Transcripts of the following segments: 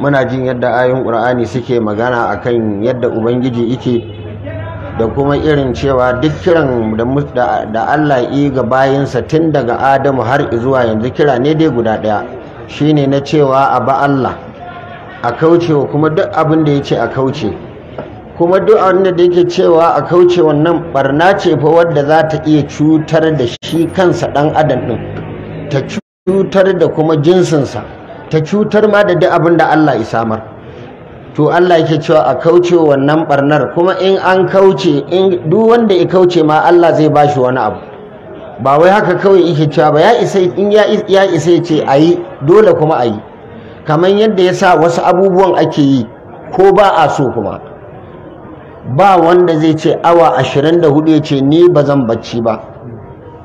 muna jin yadda ayin ƙur'ani suke magana a kan yadda ubangiji yake da kuma irin cewa duk kiran da Allah yi ga bayansa tun daga Adamu har zuwa yanzu kira ne dai guda ɗaya shine na cewa a ba Allah a kaucewa kuma duk abin da ya ce a kauce kuma duk abin da yake cewa a kauce wannan barna ce fa wadda za ta iya cutar da shi kansa ɗan adam ɗin ta cutar da kuma jinsinsa ta cutar ma da duk abin da Allah ya samar to Allah yake cewa a kauce wannan barnar kuma in an kauce in duk wanda ya kauce ma Allah zai bashi wani abu ba wai haka kawai yake cewa ba ya isa in ya ya isa ya ce ayi dole kuma ayi kamar yadda ya sa wasu abubuwan ake yi ko ba a so kuma ba wanda zai ce awa 24 ya ce ni ba zan bacci ba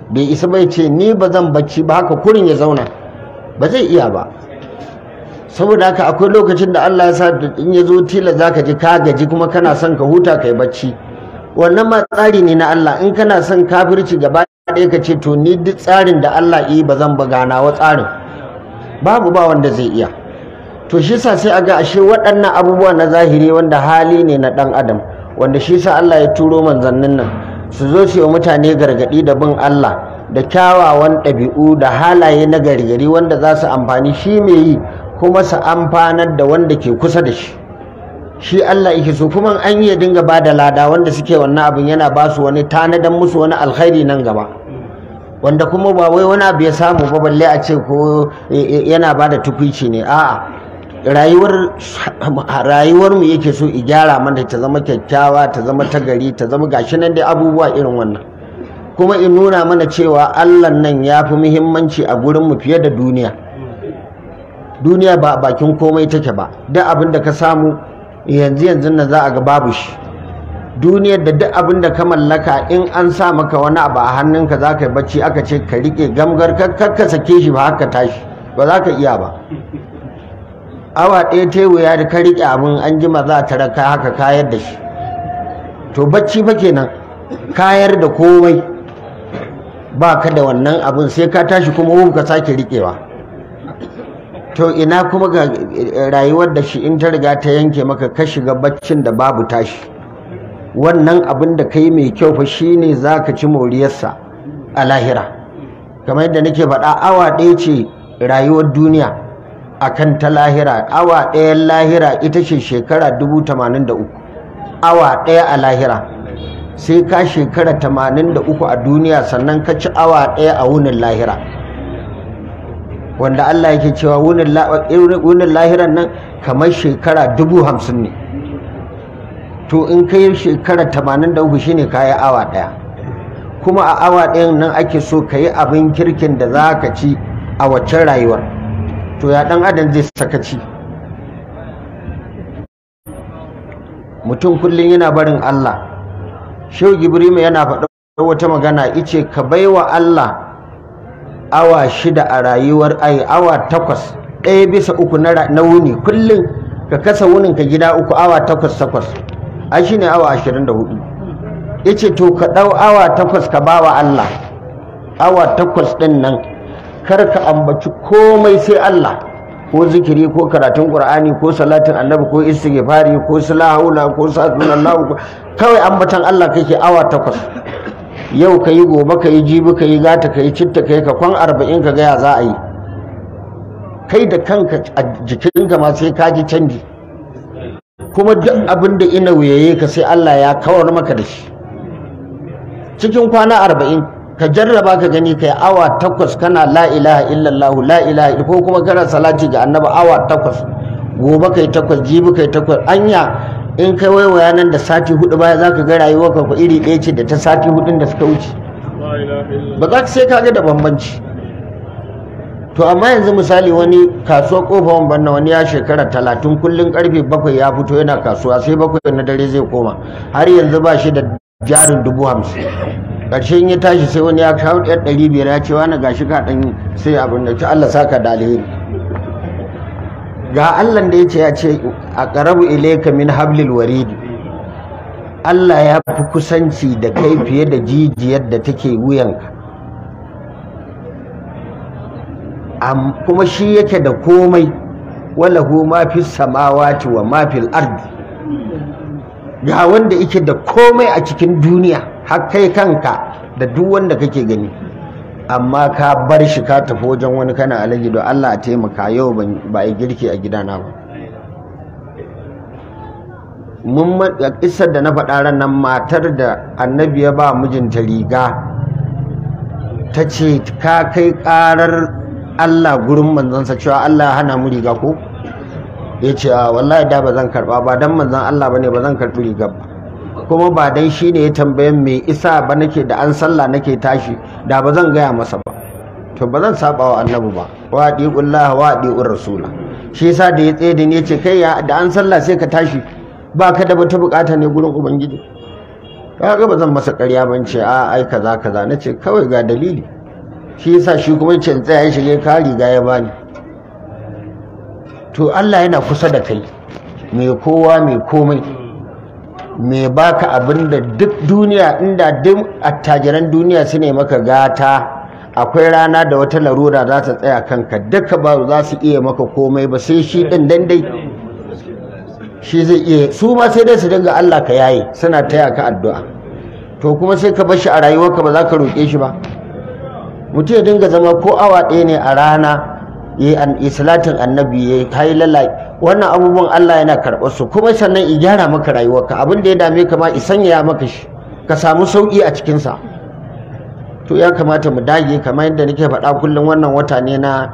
bai isa bai ce ni ba zan bacci ba haka kurin ya zauna ba zai iya ba saboda haka akwai lokacin da Allah ya sa in ya zo tila za ka ji ka gaji kuma kana son ka huta ka yi bacci wannan ma tsari ne na Allah in kana son kafirci gaba ɗaya ka ce to ni duk tsarin da Allah yi ba zan buga nawa tsarin babu ba wanda zai iya to shi sa sai a ga ashe waɗannan abubuwa na zahiri wanda hali ne na ɗan adam wanda shi sa Allah ya turo manzannin nan su zo su yi mutane gargaɗi da bin Allah da kyawawan ɗabi'u da halaye na gargari wanda za su amfani shi mai yi kuma su amfanar da wanda ke kusa da shi shi Allah yake so kuma an iya dinga ba da lada wanda suke wannan abin yana ba su wani tanadan musu wani alkhairi nan gaba wanda kuma ba wai wani abu ya samu ba balle a ce ko e, e, yana ba da tukwici ne a'a rayuwar rayuwar mu yake so i gyara mana ta zama kyakkyawa ta zama ta gari ta zama gashi nan dai abubuwa irin wannan kuma in nuna mana cewa Allah nan ya fi muhimmanci a gurin mu fiye da duniya duniya ba bakin komai take ba duk abin da ka samu yanzu yanzu nan za a ga babu shi duniyar da duk abin da ka mallaka in an sa maka wani abu a hannunka za ka yi bacci aka ce ka riƙe gamgar ka sake shi ba haka tashi ba za ka iya ba awa ɗaya ta wuya da ka riƙe abin an jima za ta raka haka kayar da shi to bacci fa kenan kayar da komai ba ka da wannan abin sai ka tashi kuma ka sake riƙewa to ina kuma ga eh, rayuwar da shi in ta riga ta yanke maka ka shiga baccin da babu tashi wannan abin da kai mai kyau fa shine ka ci moriyarsa a lahira kamar yadda nake faɗa awa ɗaya ce rayuwar duniya a kan ta lahira awa ɗaya lahira ita ce shekara dubu awa ɗaya a lahira sai ka shekara tamanin da a duniya sannan ka ci awa ɗaya a wunin lahira wanda Allah yake cewa wunin lahiran nan kamar shekara dubu hamsin ne to in kai shekara tamanin da uku shine ne awa ɗaya kuma a awa ɗayan nan ake so ka yi abin kirkin da za ka ci a waccan rayuwar to ya ɗan adam zai saka ci? mutum kullum yana barin Allah shehu ibrahim yana faɗa wata magana ice ka baiwa Allah awa shida a rayuwar ai awa takwas ɗaya bisa uku na wuni kullum ka kasa wunin ka gida uku awa takwas takwas ai shine awa ashirin da hudu ya ce to ka ɗau awa takwas ka ba wa Allah awa takwas ɗin nan kar ka ambaci komai sai Allah ko zikiri ko karatun qur'ani ko salatin annabi ko istighfari ko sala haula ko satun Allah kawai ambatan Allah kake awa takwas yau ka yi gobe ka yi jibi ka yi gata ka yi citta ka yi ka kwan arba'in ka gaya za a yi kai da kanka a jikinka ma sai ka ji canji kuma duk abin da ina wuyaye ka sai Allah ya kawar maka da shi cikin kwana arba'in ka jarraba ka gani kai awa takwas kana la ilaha illallah la ilaha ko kuma kana salati ga annabi awa takwas gobe kai takwas jibi kai takwas anya in kai waiwaya nan da sati hudu baya za ka ga rayuwarka ku iri ɗaya ce da ta sati hudun da suka wuce ba za ka sai ka ga da bambanci to amma yanzu misali wani kasuwa kofa wani banna wani ya shekara talatin kullum karfe bakwai ya fito yana kasuwa sai bakwai na dare zai koma har yanzu ba shi da jarin dubu hamsin ƙarshen ya tashi sai wani ya kawo ɗari biyar ya ce wani gashi ka ɗan sai abin da ci Allah saka da alheri ga Allah da ya ce ya ce a ƙarabu ilaika min hablil waridi Allah ya fi kusanci da kai fiye da jijiyar da take wuyanka kuma shi yake da komai walahu ma fi samawati wa ma fil ardi ga wanda yake da komai a cikin duniya har kai kanka da duk wanda kake gani amma ka bar shi ka tafi wajen wani kana alaji don Allah a taimaka yau ba a girki a gidana ba mun isar da na faɗa ranar matar da annabi ya ba mijinta riga ta ce ka kai ƙarar Allah gurin manzansa cewa Allah ya hana mu riga ko ya ce wallahi da ba zan karɓa ba don manzan Allah ba ne ba zan karɓi rigar ba kuma ba dan shi ne ya tambayan me isa ba nake da an sallah nake tashi da ba zan gaya masa ba to ba zan saba wa annabi ba wa diullah wa diur rasula shi yasa da ya tsaye da ni ce kai ya da an sallah sai ka tashi ba ka da wata bukata ne gurin ubangiji kaga ba zan masa ƙarya ban ce a ai kaza kaza nace kawai ga dalili shi yasa shi kuma ce tsaya ya shige ka riga ya bani to Allah yana kusa da kai mai kowa mai komai mai baka abin da duk duniya inda duk attajiran duniya su ne maka gata akwai rana da wata larura za ta tsaya kanka duka ba za su iya maka komai ba sai shi ɗin dan dai shi zai iya su ma sai dai su dinga Allah ka yaye suna taya ka addu'a to kuma sai ka bashi a rayuwarka ba za ka roƙe shi ba mutum ya dinga zama ko awa ɗaya ne a rana yi salatin annabi ya yi hailala wannan abubuwan Allah yana karɓar su kuma sannan i gyara maka rayuwarka abin da ya dame ka ma i sanya maka shi ka samu sauƙi a cikinsa to ya kamata mu dage kamar yadda nake faɗa kullum wannan wata ne na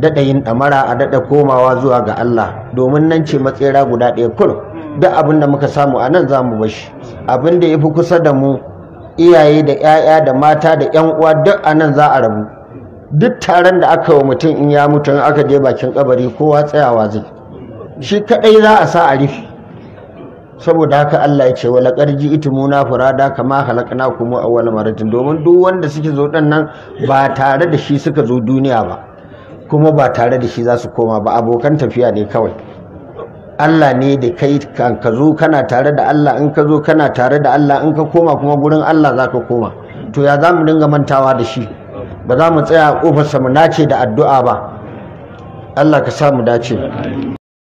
daɗa yin ɗamara a daɗa komawa zuwa ga Allah domin nan ce matsera guda ɗaya kur duk abin da muka samu a nan za mu bashi abin da ya fi kusa da mu iyaye da 'ya'ya da mata da 'yan uwa duk a nan za a rabu duk taron da aka wa mutum in ya mutu in aka je bakin kabari kowa tsayawa zai shi kadai za a sa a rufe saboda haka Allah ya ce wala qarji itimuna furada kama khalaqnakum awwal maratin domin duk wanda suke zo dan nan ba tare da shi suka zo duniya ba kuma ba tare da shi za su koma ba abokan tafiya ne kawai Allah ne da kai kan ka zo kana tare da Allah in ka zo kana tare da Allah in ka koma kuma gurin Allah za ka koma to ya za mu dinga mantawa da shi ba za mu tsaya a ƙofarsa mu nace da addu'a ba Allah ka sa mu dace